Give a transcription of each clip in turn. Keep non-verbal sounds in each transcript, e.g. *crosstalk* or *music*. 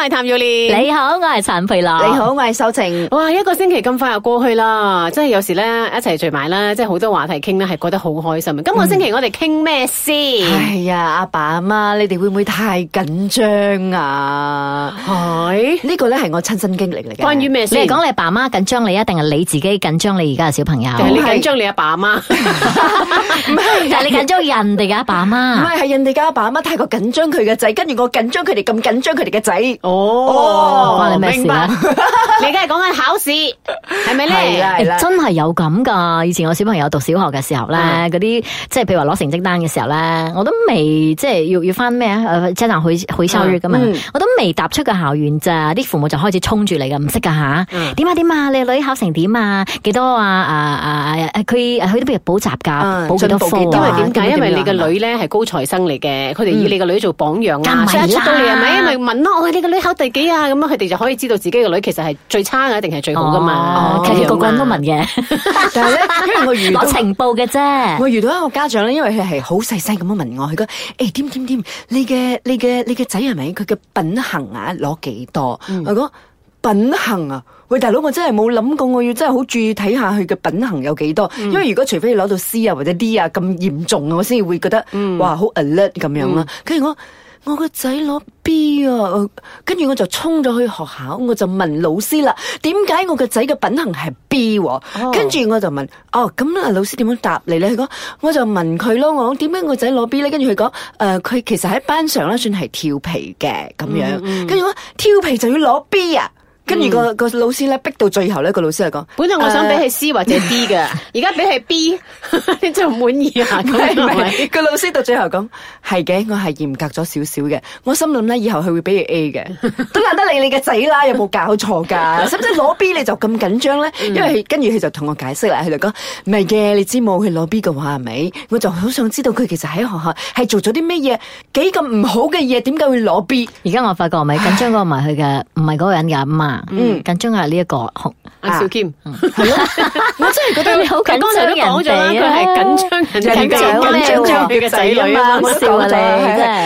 係譚耀廉，你好，我係陳肥樂，你好，我係秀晴。哇，一個星期咁快又過去啦，真係有時咧一齊聚埋啦，即係好多話題傾咧，係覺得好開心。咁、今個星期我哋傾咩先、嗯？哎呀阿爸阿媽，你哋會唔會太緊張啊？係、呢個、呢個咧係我親身經歷嚟嘅。關於咩先？你講你阿爸阿媽緊張你，一定係你自己緊張你而家嘅小朋友。就係、你緊張你阿爸阿媽？唔 *laughs* 係、 *laughs* 就係、你緊張人哋嘅阿爸阿媽。唔係，係人哋嘅阿爸阿媽太過緊張佢嘅仔，跟住我緊張佢哋咁緊張佢哋嘅仔。哦，關你咩事啊？明白 *laughs* 你而家係講緊考試，係咪咧？真係有咁噶。以前我小朋友有讀小學嘅時候咧，嗰啲即係譬如話攞成績單嘅時候咧，我都未即係要要翻咩啊？車站去去收噶嘛？我都未踏出個校園咋，啲父母就開始衝住你噶，唔識噶吓。點啊點、嗯、啊，你個女考成點啊？多啊啊啊啊嗯、多幾多啊啊啊？佢去啲邊補習噶？補幾多科點解？因為你個女咧係高材生嚟嘅，佢、嗯、哋以你個女做榜樣出到嚟係咪？咪、嗯就是就是、問咯，我、啊、個女。考第幾啊？咁樣佢哋就可以知道自己個女其實係最差啊，一定係最好噶嘛？其、哦、個個都問嘅， *laughs* *laughs* 但係咧，我遇到攞情報嘅啫。我遇到一個家長咧，因為佢係好細聲咁樣問我，佢講：欸「誒，點點點，你嘅你嘅你嘅仔係咪佢嘅品行啊？攞幾多、嗯？我講品行啊！喂，大佬，我真係冇諗過我要真係好注意睇下佢嘅品行有幾多、嗯，因為如果除非你攞到 C 啊或者 D 啊咁嚴重啊，我先會覺得，嗯、哇，好 alert 咁樣啦。跟、嗯、住我。我個仔攞 B 啊，跟住我就衝咗去學校，我就問老師啦，點解我個仔嘅品行係 B？跟、啊、住、oh. 我就問，哦咁啊，老師點樣答你咧？佢講，我就問佢咯，我講，點解我仔攞 B 咧？跟住佢講，誒、呃，佢其實喺班上咧，算係調皮嘅咁樣，跟住我調皮就要攞 B 啊。跟住個個老師咧，逼到最後咧，個老師就講，本來我想俾係 C 或者 B 嘅，而家俾係 B， *laughs* 你真係唔滿意啊！ *laughs* 個老師到最後講係嘅，我係嚴格咗少少嘅。我心諗咧，以後佢會俾佢 A 嘅， *laughs* 都難得你 *laughs* 你嘅仔啦，有冇搞錯噶？使唔使攞 B 你就咁緊張咧？因為跟住佢就同我解釋啦，佢就講唔係嘅，你知冇？佢攞 B 嘅話係咪？我就好想知道佢其實喺學校係做咗啲咩嘢，幾咁唔好嘅嘢，點解會攞 B？而家我發覺咪緊張過佢嘅，唔係嗰個人嘅阿嗯，更重要係呢一個阿、啊、小、啊、Kim， *laughs* 我真係覺得你好緊張人哋啊！但係、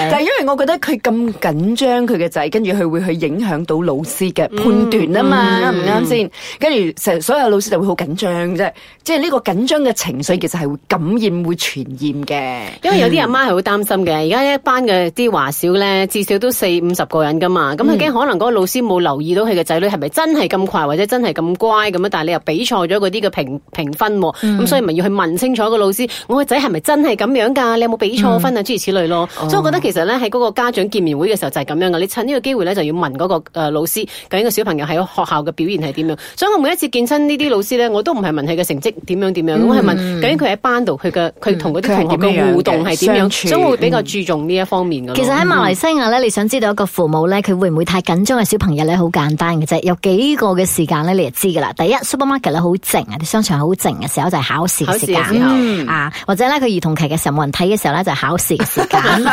啊、因為我覺得佢咁緊張佢嘅仔，跟住佢會去影響到老師嘅判斷啊嘛，唔啱先？跟住成所有老師就會好緊張啫，即係呢個緊張嘅情緒其實係會感染、嗯、會傳染嘅。因為有啲阿媽係好擔心嘅，而家一班嘅啲華小咧，至少都四五十個人噶嘛，咁佢驚可能嗰個老師冇留意到佢嘅仔女係咪真係咁快，或者真係咁。乖咁樣！但係你又比錯咗嗰啲嘅評評分，咁、嗯、所以咪要去問清楚個老師，我個仔係咪真係咁樣噶？你有冇比錯分啊？諸如此類咯、哦。所以我覺得其實咧喺嗰個家長見面會嘅時候就係咁樣噶。你趁呢個機會咧就要問嗰、那個誒、呃、老師究竟個小朋友喺學校嘅表現係點樣？所以我每一次見親呢啲老師咧，我都唔係問佢嘅成績點樣點、嗯、樣，我係問究竟佢喺班度佢嘅佢同啲同學嘅互動係點樣，、嗯樣？所以我會比較注重呢一方面、嗯、其實喺馬來西亞咧、嗯，你想知道一個父母咧佢會唔會太緊張嘅小朋友咧，好簡單嘅啫，有幾個嘅時間咧你就知。第一 supermarket 好靜啊，啲商場好靜嘅時候就係考試嘅時間、嗯、啊，或者咧佢兒童期嘅時候冇人睇嘅時候咧就係考試嘅時間，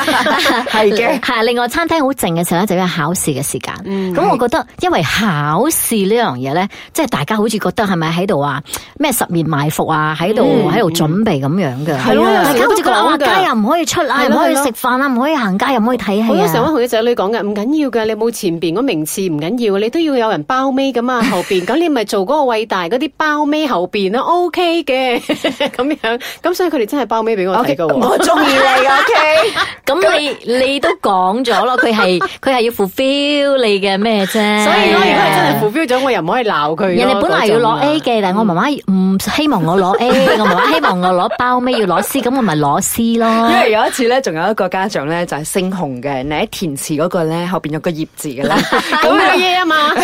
係 *laughs* 嘅， *laughs* 另外餐廳好靜嘅時候咧就係考試嘅時間，咁、嗯嗯、我覺得因為考試呢樣嘢咧，即係大家好似覺得係咪喺度話咩十面埋伏啊喺度喺度準備咁樣嘅，係咯，大家好似個娃娃街又唔可以出啊，唔可以食飯啊，唔可以行街，又唔可以睇戲啊，好多時候我同啲仔女講嘅唔緊要嘅，你冇前邊個名次唔緊要，你都要有人包尾㗎嘛，後邊咁 *laughs* 你咪。做嗰個偉大嗰啲包尾後邊咧，OK 嘅咁樣，咁所以佢哋真係包尾俾我睇嘅。我中意你 OK，咁你你都講咗咯，佢係佢係要 fulfil 你嘅咩啫？所以我如果係真係 fulfil 咗，我又唔可以鬧佢。人哋本嚟要攞 A 嘅，但係我媽媽唔希望我攞 A，我媽媽希望我攞包尾要攞 C，咁我咪攞 C 咯。因為有一次咧，仲有一個家長咧就係星紅嘅，你喺填詞嗰個咧後邊有個葉字嘅啦，咁嘅嘢啊嘛。因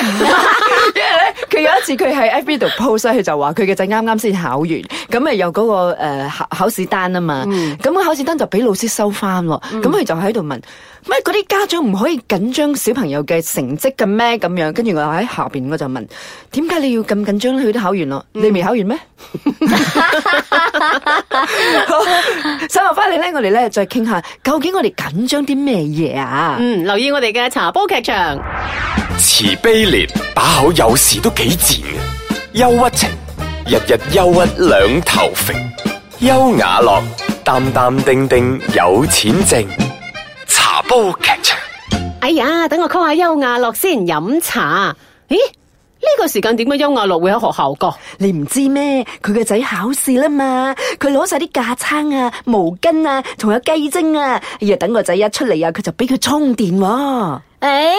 為咧佢有一次。佢喺 Facebook 度 post 咧，佢就話佢嘅仔啱啱先考完，咁咪有嗰、那個誒、呃、考考試單啊嘛，咁、嗯、個考試單就俾老師收翻咯，咁、嗯、佢就喺度問，乜嗰啲家長唔可以緊張小朋友嘅成績嘅咩？咁樣，跟住我喺下邊我就問，點解你要咁緊張佢都考完咯、嗯，你未考完咩？ *laughs* *laughs* 好，收埋翻嚟咧，我哋咧再傾下，究竟我哋緊張啲咩嘢啊？嗯，留意我哋嘅茶煲劇場，慈悲連把口有時都幾自。憂鬱情，日日憂鬱兩頭肥。優雅樂，淡淡定定有錢剩。茶煲劇場。哎呀，等我 call 下優雅樂先飲茶。咦，呢、這個時間點解優雅樂會喺學校㗎？你唔知咩？佢個仔考試啦嘛，佢攞晒啲架撐啊、毛巾啊，仲有雞精啊。哎呀，等個仔一出嚟啊，佢就俾佢充電。誒、欸，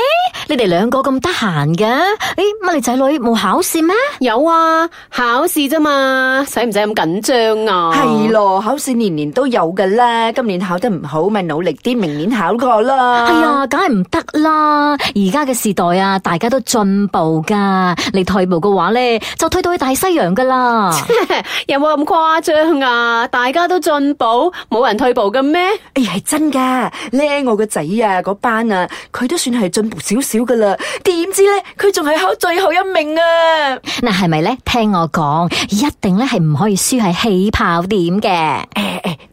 你哋兩個咁得閒嘅？誒、欸，乜你仔女冇考試咩？有啊，考試啫嘛，使唔使咁緊張啊？係咯，考試年年都有㗎啦。今年考得唔好，咪努力啲，明年考過啦。係、哎、啊，梗係唔得啦。而家嘅時代啊，大家都進步噶，你退步嘅話咧，就退到去大西洋噶啦。 *laughs* 有冇咁誇張啊？大家都進步，冇人退步嘅咩？誒、欸，係真噶。咧，我個仔啊，嗰班啊，佢都算。係進步少少噶啦，點知咧？佢仲係考最後一名啊！嗱，係咪咧？聽我講，一定咧，係唔可以輸喺起跑點嘅。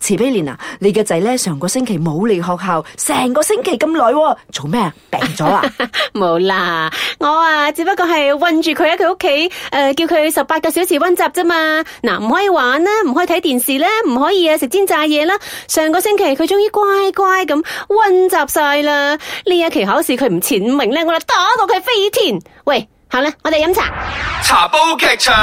慈悲蓮啊，你嘅仔咧上個星期冇嚟學校，成個星期咁耐，做咩啊？病咗啊？冇 *laughs* 啦，我啊只不過係困住佢喺佢屋企，誒、呃、叫佢十八個小時溫習啫嘛。嗱、啊，唔可以玩啦，唔可以睇電視啦，唔可以啊食煎炸嘢啦。上個星期佢終於乖乖咁溫習晒啦，呢一期考試佢唔前五名咧，我就打到佢飛天。喂，好啦，我哋飲茶，茶煲劇場。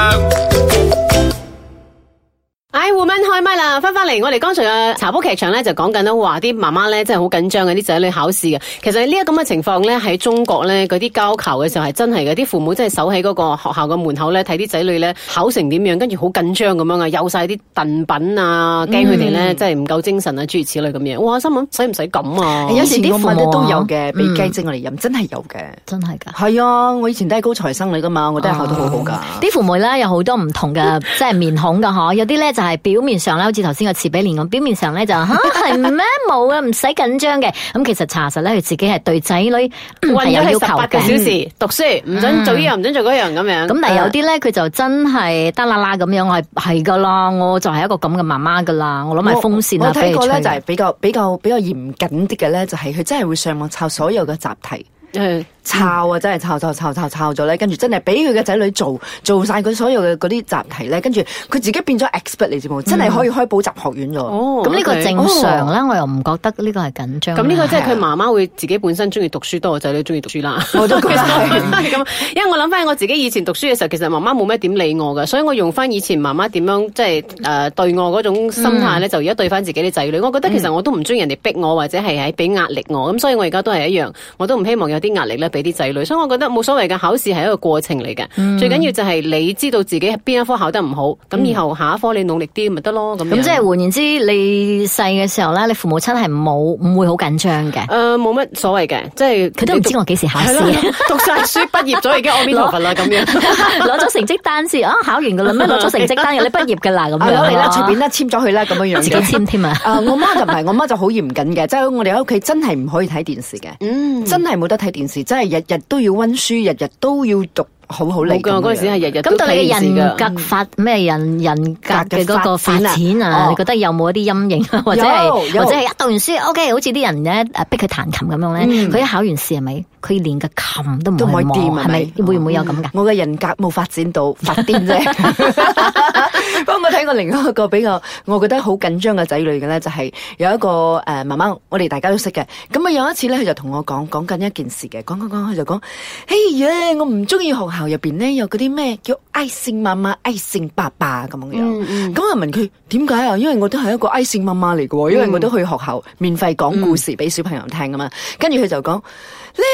哎，women 開麥啦，翻翻嚟，我哋剛才嘅茶煲劇場咧就講緊啦。話啲媽媽咧真係好緊張嘅，啲仔女考試嘅。其實呢一咁嘅情況咧喺中國咧，嗰啲交求嘅時候係真係嘅，啲父母真係守喺嗰個學校嘅門口咧睇啲仔女咧考成點樣，跟住好緊張咁樣啊，有晒啲燉品啊，驚佢哋咧真係唔夠精神啊，諸如此類咁樣。哇，新聞使唔使咁啊？有時啲父母都有嘅，俾雞精我嚟飲，真係有嘅，真係噶。係啊，我以前都係高材生嚟噶嘛，我覺得都係考得好好噶。啲、oh. 父母咧有好多唔同嘅， *laughs* 即係面孔噶嗬，有啲咧係表面上啦，好似頭先個慈比蓮咁，表面上咧就吓係咩？冇、啊、嘅，唔使緊張嘅。咁 *laughs* 其實查實咧，佢自己係對仔女係有要求，嘅。八小時、嗯、讀書，唔准做呢樣，唔、嗯、准做嗰樣咁樣。咁但係有啲咧，佢、啊、就真係得啦啦咁樣，係係噶啦，我就係一個咁嘅媽媽噶啦。我諗埋風扇我睇過咧，就係比較比較比較嚴謹啲嘅咧，就係佢真係會上網抄所有嘅習題。抄啊！真係抄抄抄抄抄咗咧，跟住真係俾佢嘅仔女做做晒佢所有嘅嗰啲習題咧，跟住佢自己變咗 expert 嚟之嘛，真係可以開補習學院咗、嗯。哦，咁呢個正常啦、哦，我又唔覺得呢個係緊張。咁呢個即係佢媽媽會自己本身中意讀書多過仔女中意讀書啦。 *laughs* 我都覺得係咁， *laughs* 因為我諗翻我自己以前讀書嘅時候，其實媽媽冇咩點理我嘅，所以我用翻以前媽媽點樣即係誒對我嗰種心態咧、嗯，就而家對翻自己啲仔女。我覺得其實我都唔中意人哋逼我或者係喺俾壓力我，咁所以我而家都係一樣，我都唔希望有啲壓力咧，俾啲仔女，所以我覺得冇所謂嘅，考試係一個過程嚟嘅、嗯，最緊要就係你知道自己邊一科考得唔好，咁、嗯、以後下一科你努力啲咪得咯。咁即係換言之，你細嘅時候咧，你父母親係冇唔會好緊張嘅。冇、呃、乜所謂嘅，即係佢都唔知我幾時考試， *laughs* 讀晒書畢業咗已經安邊度噶啦，咁樣攞咗 *laughs* 成績單先啊，考完噶啦咩？攞咗成績單， *laughs* 你畢業嘅啦咁樣。係隨便啦，簽咗佢啦，咁樣樣自己簽添啊。我媽就唔係，我媽就好嚴謹嘅，即、就、係、是、我哋喺屋企真係唔可以睇電視嘅、嗯，真係冇得睇電視，真係。日日都要溫書，日日都要讀好好叻嘅。冇噶，嗰陣時係日日咁對你嘅人格發咩人人格嘅嗰個發展啊？哦、你覺得有冇一啲陰影啊？或者係或者係一讀完書 OK，好似啲人咧逼佢彈琴咁樣咧，佢、嗯、一考完試係咪佢連個琴都唔、嗯、會掂係咪？會唔會有咁噶？我嘅人格冇發展到 *laughs* 發癲啫。幫唔睇過另外一個比較，我覺得好緊張嘅仔女嘅咧，就係有一個誒媽媽，我哋大家都識嘅。咁啊有一次咧，佢就同我講講緊一件事嘅，講講講，佢就講：哎呀，我唔中意學校入邊咧有嗰啲咩叫愛姓媽媽、愛姓爸爸咁樣。咁我問佢點解啊？因為我都係一個愛姓媽媽嚟喎，因為我都去學校免費講故事俾小朋友聽噶嘛。跟住佢就講：咧、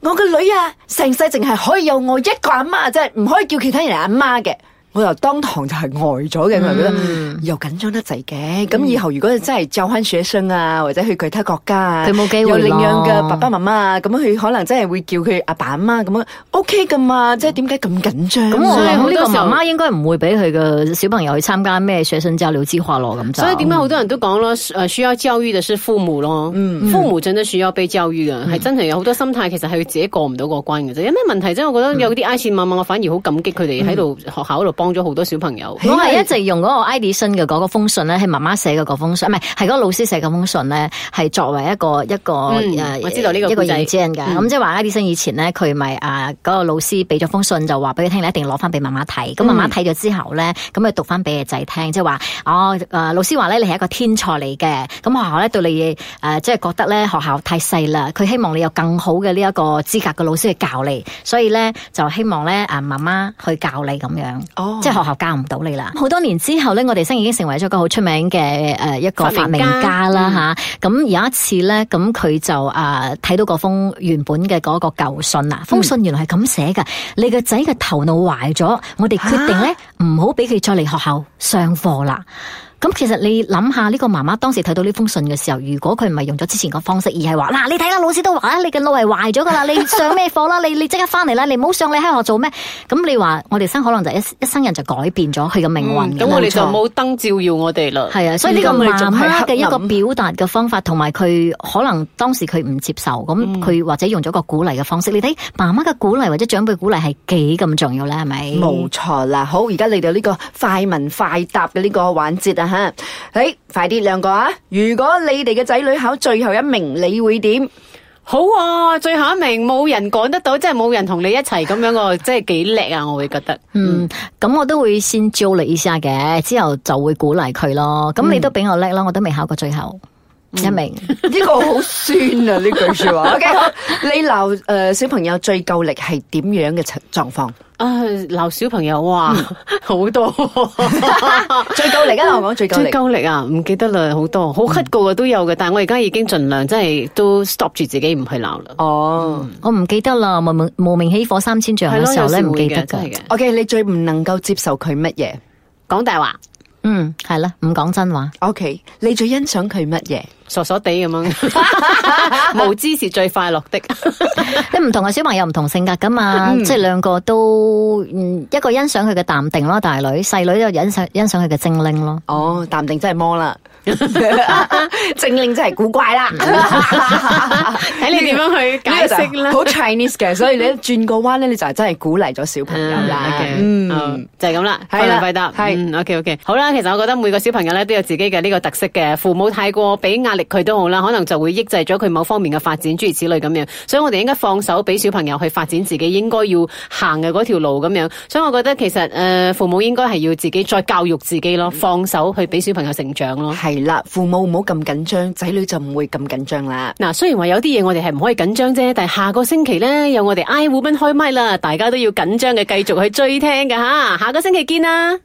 嗯、我個女啊，成世淨係可以有我一個阿媽，即係唔可以叫其他人阿媽嘅。我又當堂就係呆咗嘅，覺得、嗯、又緊張得滯嘅。咁、嗯、以後如果真係就翻學生啊，或者去其他國家、啊，佢冇機會領養嘅爸爸媽媽啊，咁佢可能真係會叫佢阿爸阿媽咁樣 OK 嘅嘛。即係點解咁緊張？咁、嗯嗯、我好多時候，媽應該唔會俾佢嘅小朋友去參加咩學生交流計劃咯。咁所以點解好多人都講咯？誒需要教育嘅是父母咯，嗯嗯、父母真係需要被教育嘅，係、嗯、真係有好多心態，其實係佢自己過唔到個關嘅。真、嗯、有咩問題真係？我覺得有啲哀切媽媽，我、嗯、反而好感激佢哋喺度學校度。幫咗好多小朋友， *music* 我係一直用嗰個愛迪生嘅嗰個封信咧，係媽媽寫嘅嗰封信，唔係係嗰個老師寫嘅封信咧，係作為一個一個誒、嗯啊，我知道呢個一個見證嘅咁、嗯、即係話愛迪生以前咧，佢咪、就是、啊嗰、嗰個老師俾咗封信就話俾佢聽，你一定攞翻俾媽媽睇。咁媽媽睇咗之後咧，咁、嗯、佢讀翻俾你仔聽，即係話，我、哦、誒、啊、老師話咧，你係一個天才嚟嘅。咁學校咧對你誒，即、啊、係、就是、覺得咧學校太細啦，佢希望你有更好嘅呢一個資格嘅老師去教你，所以咧就希望咧誒媽媽去教你咁樣。哦即係學校教唔到你啦。好、嗯、多年之後咧，我哋生已經成為咗一個好出名嘅誒一個發明家啦吓。咁、嗯、有一次咧，咁佢就啊睇到嗰封原本嘅嗰個舊信啦、嗯、封信原來係咁寫㗎：「你個仔嘅頭腦壞咗，我哋決定咧唔好俾佢再嚟學校上課啦。」啊咁其實你諗下呢個媽媽當時睇到呢封信嘅時候，如果佢唔係用咗之前個方式，而係話嗱，你睇下老師都話啦，你嘅腦係壞咗噶啦，你上咩課啦？ *laughs* 你你即刻翻嚟啦，你唔好上你喺學做咩？咁你話我哋生可能就一一生人就改變咗佢嘅命運。咁、嗯、我哋就冇燈照耀我哋啦。係啊，所以呢個媽媽嘅一個表達嘅方法，同埋佢可能當時佢唔接受，咁佢或者用咗個鼓勵嘅方式。嗯、你睇媽媽嘅鼓勵或者長輩鼓勵係幾咁重要咧？係咪？冇錯啦。好，而家嚟到呢個快問快答嘅呢個環節啊！吓，誒， *noise* 快啲，兩個啊！如果你哋嘅仔女考最後一名，你會點？好，啊，最後一名冇人趕得到，即係冇人同你一齊咁 *laughs* 樣，我即係幾叻啊！我會覺得，嗯，咁我都會先焦慮一下嘅，之後就會鼓勵佢咯。咁你都比我叻咯、嗯，我都未考過最後。一、嗯、明，呢、嗯這個好酸啊！呢句說話，OK，你鬧誒、uh, 小朋友最夠力係點樣嘅狀況？啊，鬧小朋友哇、啊，好 *laughs* 多 *laughs* *laughs* 最夠力噶、啊，我講最夠力。最夠力啊，唔記得啦，好多好黑過嘅都有嘅、嗯，但係我而家已經盡量真係都 stop 住自己唔去鬧啦。哦、oh, 嗯，我唔記得啦，無名無名起火三千丈嘅時候咧，唔記得噶。OK，你最唔能夠接受佢乜嘢？講大話。嗯，係啦，唔講真話。OK，你最欣賞佢乜嘢？傻傻地咁樣，無知是最快樂的 *laughs* 。 *laughs* 你唔同嘅小朋友唔同性格噶嘛、嗯，即係兩個都，一個欣賞佢嘅淡定咯，大女細女就欣賞欣賞佢嘅精靈咯。哦，淡定真係魔啦 *laughs* 精靈真係古怪啦。睇你點樣去解釋好 Chinese 嘅，所以你轉個彎咧，你就係真係鼓勵咗小朋友啦、啊 okay，嗯就是。嗯，是嗯，就係咁啦，快問快答。係，OK OK，好啦，其實我覺得每個小朋友咧都有自己嘅呢個特色嘅，父母太過俾壓。佢都好啦，可能就會抑制咗佢某方面嘅發展，諸如此類咁樣。所以我哋應該放手俾小朋友去發展自己應該要行嘅嗰條路咁樣。所以我覺得其實誒、呃，父母應該係要自己再教育自己咯，放手去俾小朋友成長咯。係啦，父母唔好咁緊張，仔女就唔會咁緊張啦。嗱、啊，雖然話有啲嘢我哋係唔可以緊張啫，但係下個星期呢，有我哋 Iwoman 開嘜啦，大家都要緊張嘅，繼續去追聽噶吓，下個星期見啦。